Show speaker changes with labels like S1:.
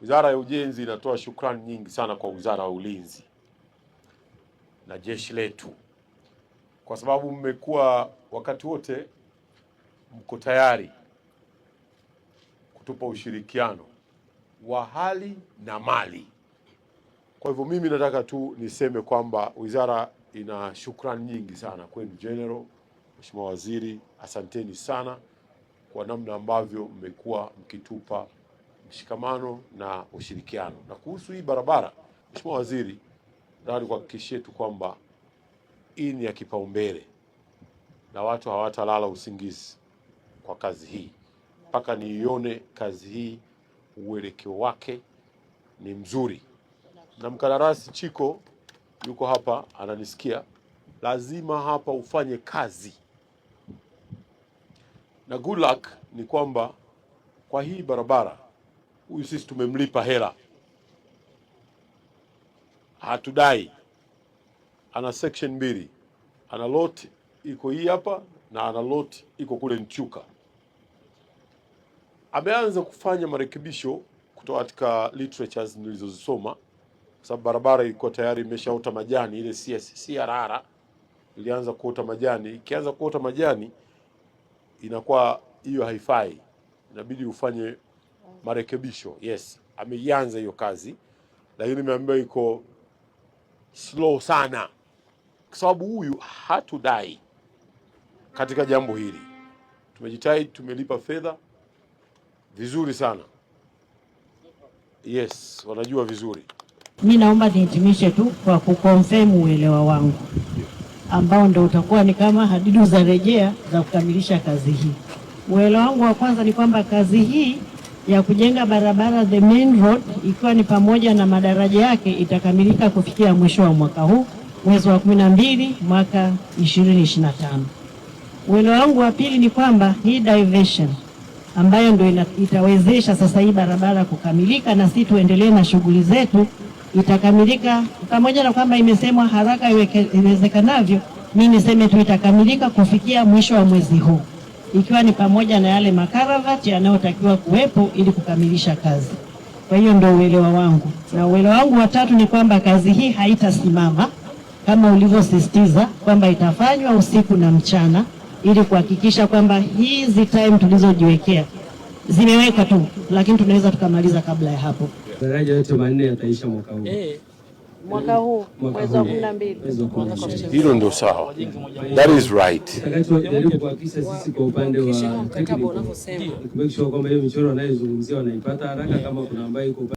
S1: Wizara ya Ujenzi inatoa shukrani nyingi sana kwa Wizara ya Ulinzi na jeshi letu, kwa sababu mmekuwa wakati wote mko tayari kutupa ushirikiano wa hali na mali. Kwa hivyo mimi nataka tu niseme kwamba wizara ina shukrani nyingi sana kwenu General, Mheshimiwa Waziri, asanteni sana kwa namna ambavyo mmekuwa mkitupa mshikamano na ushirikiano. Na kuhusu hii barabara, Mheshimiwa Waziri, nataka kuhakikishie tu kwamba hii ni ya kipaumbele na watu hawatalala usingizi kwa kazi hii mpaka niione kazi hii uelekeo wake ni mzuri, na mkandarasi Chiko yuko hapa ananisikia, lazima hapa ufanye kazi. Na good luck ni kwamba kwa hii barabara huyu sisi tumemlipa hela, hatudai. Ana section mbili, ana lot iko hii hapa na ana lot iko kule Nchuka. Ameanza kufanya marekebisho kutoka katika literatures nilizozisoma, kwa sababu barabara ilikuwa tayari imeshaota majani, ile CRR ilianza kuota majani. Ikianza kuota majani inakuwa hiyo haifai, inabidi ufanye marekebisho. Yes, ameianza hiyo kazi, lakini nimeambiwa iko slow sana, kwa sababu huyu hatudai katika jambo hili. Tumejitahidi, tumelipa fedha vizuri sana. Yes, wanajua vizuri.
S2: Mi naomba nihitimishe tu kwa kukonfirm uelewa wangu ambao ndo utakuwa ni kama hadidu za rejea za kukamilisha kazi hii. Uelewa wangu wa kwanza ni kwamba kazi hii ya kujenga barabara the main road ikiwa ni pamoja na madaraja yake itakamilika kufikia mwisho wa mwaka huu mwezi wa 12 mwaka 2025. Wino wangu wa pili ni kwamba hii diversion ambayo ndio itawezesha sasa hii barabara kukamilika na sisi tuendelee na shughuli zetu itakamilika, pamoja na kwamba imesemwa haraka iwezekanavyo, mimi niseme tu itakamilika kufikia mwisho wa mwezi huu ikiwa ni pamoja na yale makaravati yanayotakiwa kuwepo ili kukamilisha kazi. Kwa hiyo ndio uelewa wangu, na uelewa wangu wa tatu ni kwamba kazi hii haitasimama kama ulivyosisitiza kwamba itafanywa usiku na mchana ili kuhakikisha kwamba hizi time tulizojiwekea zimewekwa tu, lakini tunaweza tukamaliza kabla ya hapo.
S3: Daraja yote manne yataisha mwaka huu. Eh,
S4: mwaka huu mwezi wa kumi na mbili.
S5: Hilo ndio sawa, that is right. kuhakikisha sisi kwa upande wa mkataba unavyosema kwamba hiyo michoro wanayozungumzia wanaipata haraka, kama kuna iko